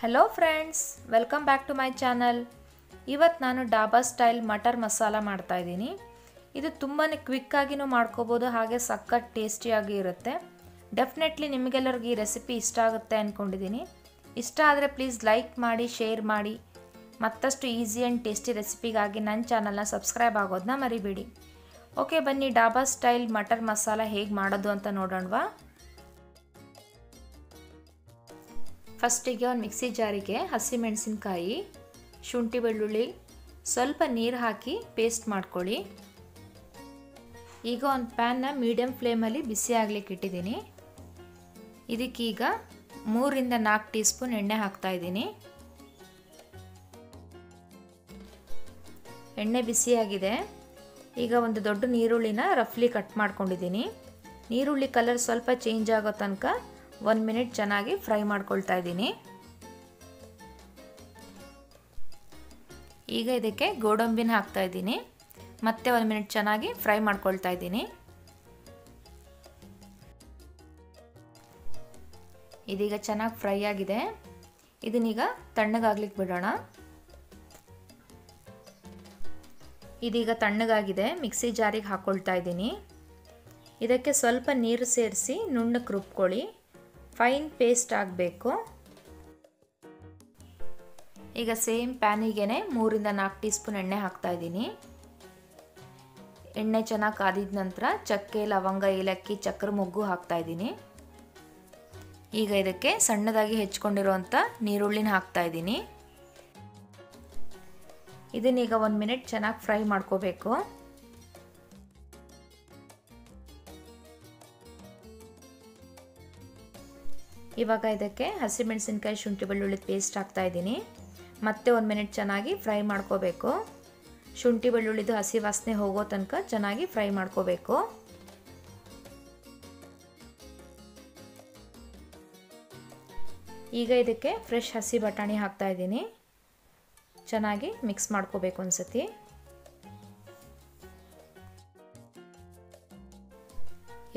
hello friends welcome back to my channel ಇವತ್ತು ನಾನು dhaba style matar masala ಮಾಡ್ತಾಯಿದ್ದೀನಿ ಇದು ತುಂಬಾ ಕ್ವಿಕ್ಕಾಗಿನೂ ಮಾಡ್ಕೋಬೋದು ಹಾಗೆ ಸಖತ್ ಟೇಸ್ಟಿಯಾಗಿ ಇರುತ್ತೆ ಡೆಫಿನೆಟ್ಲಿ ನಿಮಗೆಲ್ಲರಿಗೂ ಈ ರೆಸಿಪಿ ಇಷ್ಟ ಆಗುತ್ತೆ ಅಂದ್ಕೊಂಡಿದ್ದೀನಿ ಇಷ್ಟ ಆದರೆ ಪ್ಲೀಸ್ ಲೈಕ್ ಮಾಡಿ ಶೇರ್ ಮಾಡಿ ಮತ್ತಷ್ಟು ಈಸಿ ಆ್ಯಂಡ್ ಟೇಸ್ಟಿ ರೆಸಿಪಿಗಾಗಿ ನನ್ನ ಚಾನಲ್ನ ಸಬ್ಸ್ಕ್ರೈಬ್ ಆಗೋದನ್ನ ಮರಿಬೇಡಿ ಓಕೆ ಬನ್ನಿ ಡಾಬಾ ಸ್ಟೈಲ್ ಮಟರ್ ಮಸಾಲ ಹೇಗೆ ಮಾಡೋದು ಅಂತ ನೋಡೋಣವಾ ಫಸ್ಟಿಗೆ ಒಂದು ಮಿಕ್ಸಿ ಜಾರಿಗೆ ಹಸಿಮೆಣಸಿನಕಾಯಿ ಶುಂಠಿ ಬೆಳ್ಳುಳ್ಳಿ ಸ್ವಲ್ಪ ನೀರು ಹಾಕಿ ಪೇಸ್ಟ್ ಮಾಡ್ಕೊಳ್ಳಿ ಈಗ ಒಂದು ಪ್ಯಾನ್ನ ಮೀಡಿಯಮ್ ಫ್ಲೇಮಲ್ಲಿ ಬಿಸಿ ಆಗಲಿಕ್ಕೆ ಇಟ್ಟಿದ್ದೀನಿ ಇದಕ್ಕೀಗ ಮೂರಿಂದ ನಾಲ್ಕು ಟೀ ಸ್ಪೂನ್ ಎಣ್ಣೆ ಇದ್ದೀನಿ ಎಣ್ಣೆ ಬಿಸಿಯಾಗಿದೆ ಈಗ ಒಂದು ದೊಡ್ಡ ನೀರುಳ್ಳಿನ ರಫ್ಲಿ ಕಟ್ ಮಾಡ್ಕೊಂಡಿದ್ದೀನಿ ನೀರುಳ್ಳಿ ಕಲರ್ ಸ್ವಲ್ಪ ಚೇಂಜ್ ಆಗೋ ತನಕ ಒಂದು ಮಿನಿಟ್ ಚೆನ್ನಾಗಿ ಫ್ರೈ ಮಾಡ್ಕೊಳ್ತಾ ಇದ್ದೀನಿ ಈಗ ಇದಕ್ಕೆ ಗೋಡಂಬಿನ ಹಾಕ್ತಾ ಇದ್ದೀನಿ ಮತ್ತೆ ಒಂದು ಮಿನಿಟ್ ಚೆನ್ನಾಗಿ ಫ್ರೈ ಮಾಡ್ಕೊಳ್ತಾ ಇದ್ದೀನಿ ಇದೀಗ ಚೆನ್ನಾಗಿ ಫ್ರೈ ಆಗಿದೆ ಇದನ್ನೀಗ ತಣ್ಣಗಾಗ್ಲಿಕ್ಕೆ ಬಿಡೋಣ ಇದೀಗ ತಣ್ಣಗಾಗಿದೆ ಮಿಕ್ಸಿ ಜಾರಿಗೆ ಹಾಕ್ಕೊಳ್ತಾ ಇದ್ದೀನಿ ಇದಕ್ಕೆ ಸ್ವಲ್ಪ ನೀರು ಸೇರಿಸಿ ನುಣ್ಣಕ್ಕೆ ರುಬ್ಕೊಳ್ಳಿ ಫೈನ್ ಪೇಸ್ಟ್ ಆಗಬೇಕು ಈಗ ಸೇಮ್ ಪ್ಯಾನಿಗೆ ಮೂರಿಂದ ನಾಲ್ಕು ಟೀ ಸ್ಪೂನ್ ಎಣ್ಣೆ ಹಾಕ್ತಾ ಎಣ್ಣೆ ಚೆನ್ನಾಗಿ ಕಾದಿದ ನಂತರ ಚಕ್ಕೆ ಲವಂಗ ಏಲಕ್ಕಿ ಚಕ್ರ ಮೊಗ್ಗು ಹಾಕ್ತಾ ಈಗ ಇದಕ್ಕೆ ಸಣ್ಣದಾಗಿ ಹೆಚ್ಕೊಂಡಿರುವಂಥ ನೀರುಳ್ಳಿನ ಹಾಕ್ತಾ ಇದ್ದೀನಿ ಇದನ್ನೀಗ ಒಂದು ಮಿನಿಟ್ ಚೆನ್ನಾಗಿ ಫ್ರೈ ಮಾಡ್ಕೋಬೇಕು ಇವಾಗ ಇದಕ್ಕೆ ಹಸಿಮೆಣಸಿನ್ಕಾಯಿ ಶುಂಠಿ ಬೆಳ್ಳುಳ್ಳಿ ಪೇಸ್ಟ್ ಹಾಕ್ತಾ ಇದ್ದೀನಿ ಮತ್ತೆ ಒಂದು ಮಿನಿಟ್ ಚೆನ್ನಾಗಿ ಫ್ರೈ ಮಾಡ್ಕೋಬೇಕು ಶುಂಠಿ ಬೆಳ್ಳುಳ್ಳಿದು ಹಸಿ ವಾಸನೆ ಹೋಗೋ ತನಕ ಚೆನ್ನಾಗಿ ಫ್ರೈ ಮಾಡ್ಕೋಬೇಕು ಈಗ ಇದಕ್ಕೆ ಫ್ರೆಶ್ ಹಸಿ ಬಟಾಣಿ ಹಾಕ್ತಾ ಇದ್ದೀನಿ ಚೆನ್ನಾಗಿ ಮಿಕ್ಸ್ ಮಾಡ್ಕೋಬೇಕು ಒಂದ್ಸತಿ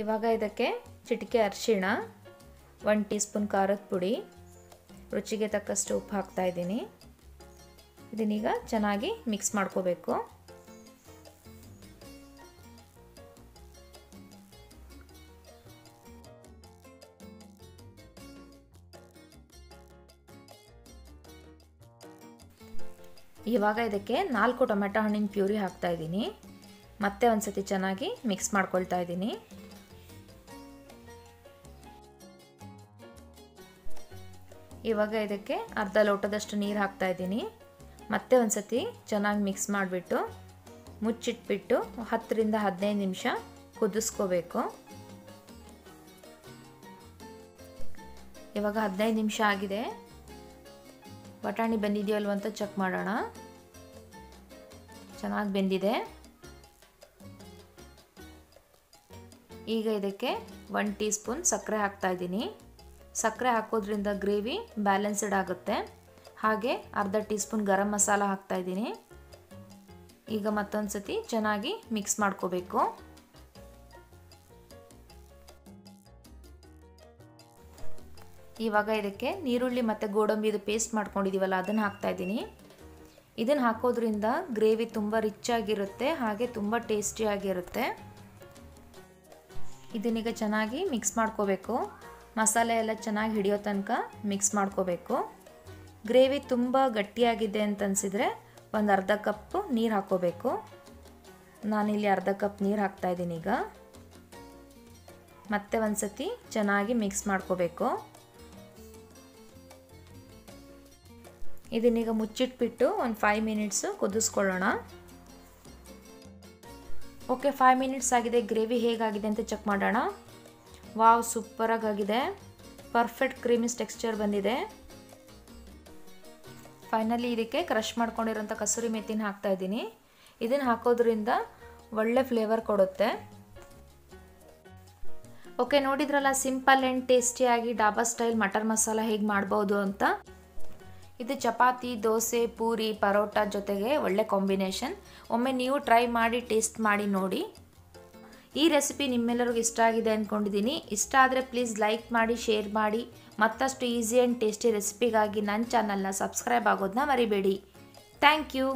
ಇವಾಗ ಇದಕ್ಕೆ ಚಿಟಿಕೆ ಅರಿಶಿಣ ಒನ್ ಟೀ ಸ್ಪೂನ್ ಖಾರದ ಪುಡಿ ರುಚಿಗೆ ತಕ್ಕಷ್ಟು ಉಪ್ಪು ಹಾಕ್ತಾ ಇದ್ದೀನಿ ಇದನ್ನೀಗ ಚೆನ್ನಾಗಿ ಮಿಕ್ಸ್ ಮಾಡ್ಕೋಬೇಕು ಇವಾಗ ಇದಕ್ಕೆ ನಾಲ್ಕು ಟೊಮೆಟೊ ಹಣ್ಣಿನ ಪ್ಯೂರಿ ಹಾಕ್ತಾ ಇದ್ದೀನಿ ಮತ್ತೆ ಒಂದ್ಸತಿ ಚೆನ್ನಾಗಿ ಮಿಕ್ಸ್ ಮಾಡ್ಕೊಳ್ತಾ ಇದ್ದೀನಿ ಇವಾಗ ಇದಕ್ಕೆ ಅರ್ಧ ಲೋಟದಷ್ಟು ನೀರು ಹಾಕ್ತಾ ಇದ್ದೀನಿ ಮತ್ತೆ ಒಂದು ಸತಿ ಚೆನ್ನಾಗಿ ಮಿಕ್ಸ್ ಮಾಡಿಬಿಟ್ಟು ಮುಚ್ಚಿಟ್ಬಿಟ್ಟು ಹತ್ತರಿಂದ ಹದಿನೈದು ನಿಮಿಷ ಕುದಿಸ್ಕೋಬೇಕು ಇವಾಗ ಹದಿನೈದು ನಿಮಿಷ ಆಗಿದೆ ಬಟಾಣಿ ಬೆಂದಿದೆಯೋ ಅಂತ ಚೆಕ್ ಮಾಡೋಣ ಚೆನ್ನಾಗಿ ಬೆಂದಿದೆ ಈಗ ಇದಕ್ಕೆ ಒನ್ ಟೀ ಸ್ಪೂನ್ ಸಕ್ಕರೆ ಹಾಕ್ತಾಯಿದ್ದೀನಿ ಸಕ್ಕರೆ ಹಾಕೋದ್ರಿಂದ ಗ್ರೇವಿ ಬ್ಯಾಲೆನ್ಸ್ಡ್ ಆಗುತ್ತೆ ಹಾಗೆ ಅರ್ಧ ಟೀ ಸ್ಪೂನ್ ಗರಂ ಮಸಾಲ ಇದ್ದೀನಿ ಈಗ ಮತ್ತೊಂದು ಸತಿ ಚೆನ್ನಾಗಿ ಮಿಕ್ಸ್ ಮಾಡ್ಕೋಬೇಕು ಇವಾಗ ಇದಕ್ಕೆ ನೀರುಳ್ಳಿ ಮತ್ತು ಗೋಡಂಬಿದು ಪೇಸ್ಟ್ ಮಾಡ್ಕೊಂಡಿದ್ದೀವಲ್ಲ ಅದನ್ನು ಇದ್ದೀನಿ ಇದನ್ನು ಹಾಕೋದ್ರಿಂದ ಗ್ರೇವಿ ತುಂಬ ರಿಚ್ ಆಗಿರುತ್ತೆ ಹಾಗೆ ತುಂಬ ಟೇಸ್ಟಿಯಾಗಿರುತ್ತೆ ಇದನ್ನೀಗ ಚೆನ್ನಾಗಿ ಮಿಕ್ಸ್ ಮಾಡ್ಕೋಬೇಕು ಮಸಾಲೆ ಎಲ್ಲ ಚೆನ್ನಾಗಿ ಹಿಡಿಯೋ ತನಕ ಮಿಕ್ಸ್ ಮಾಡ್ಕೋಬೇಕು ಗ್ರೇವಿ ತುಂಬ ಗಟ್ಟಿಯಾಗಿದೆ ಅಂತ ಅನಿಸಿದರೆ ಒಂದು ಅರ್ಧ ಕಪ್ ನೀರು ಹಾಕ್ಕೋಬೇಕು ನಾನಿಲ್ಲಿ ಅರ್ಧ ಕಪ್ ನೀರು ಹಾಕ್ತಾಯಿದ್ದೀನಿ ಈಗ ಮತ್ತೆ ಒಂದು ಸತಿ ಚೆನ್ನಾಗಿ ಮಿಕ್ಸ್ ಮಾಡ್ಕೋಬೇಕು ಇದನ್ನೀಗ ಮುಚ್ಚಿಟ್ಬಿಟ್ಟು ಒಂದು ಫೈವ್ ಮಿನಿಟ್ಸು ಕುದಿಸ್ಕೊಳ್ಳೋಣ ಓಕೆ ಫೈವ್ ಮಿನಿಟ್ಸ್ ಆಗಿದೆ ಗ್ರೇವಿ ಹೇಗಾಗಿದೆ ಅಂತ ಚೆಕ್ ಮಾಡೋಣ ವಾವ್ ಸೂಪರಾಗಿ ಆಗಿದೆ ಪರ್ಫೆಕ್ಟ್ ಕ್ರೀಮಿಸ್ ಟೆಕ್ಸ್ಚರ್ ಬಂದಿದೆ ಫೈನಲಿ ಇದಕ್ಕೆ ಕ್ರಷ್ ಮಾಡ್ಕೊಂಡಿರೋಂಥ ಕಸೂರಿ ಮೆಥಿನ ಹಾಕ್ತಾ ಇದ್ದೀನಿ ಇದನ್ನು ಹಾಕೋದ್ರಿಂದ ಒಳ್ಳೆ ಫ್ಲೇವರ್ ಕೊಡುತ್ತೆ ಓಕೆ ನೋಡಿದ್ರಲ್ಲ ಸಿಂಪಲ್ ಆ್ಯಂಡ್ ಟೇಸ್ಟಿಯಾಗಿ ಡಾಬಾ ಸ್ಟೈಲ್ ಮಟರ್ ಮಸಾಲ ಹೇಗೆ ಮಾಡ್ಬೋದು ಅಂತ ಇದು ಚಪಾತಿ ದೋಸೆ ಪೂರಿ ಪರೋಟ ಜೊತೆಗೆ ಒಳ್ಳೆ ಕಾಂಬಿನೇಷನ್ ಒಮ್ಮೆ ನೀವು ಟ್ರೈ ಮಾಡಿ ಟೇಸ್ಟ್ ಮಾಡಿ ನೋಡಿ ಈ ರೆಸಿಪಿ ನಿಮ್ಮೆಲ್ಲರಿಗೂ ಇಷ್ಟ ಆಗಿದೆ ಅಂದ್ಕೊಂಡಿದ್ದೀನಿ ಇಷ್ಟ ಆದರೆ ಪ್ಲೀಸ್ ಲೈಕ್ ಮಾಡಿ ಶೇರ್ ಮಾಡಿ ಮತ್ತಷ್ಟು ಈಸಿ ಆ್ಯಂಡ್ ಟೇಸ್ಟಿ ರೆಸಿಪಿಗಾಗಿ ನನ್ನ ಚಾನಲ್ನ ಸಬ್ಸ್ಕ್ರೈಬ್ ಆಗೋದನ್ನ ಮರಿಬೇಡಿ ಥ್ಯಾಂಕ್ ಯು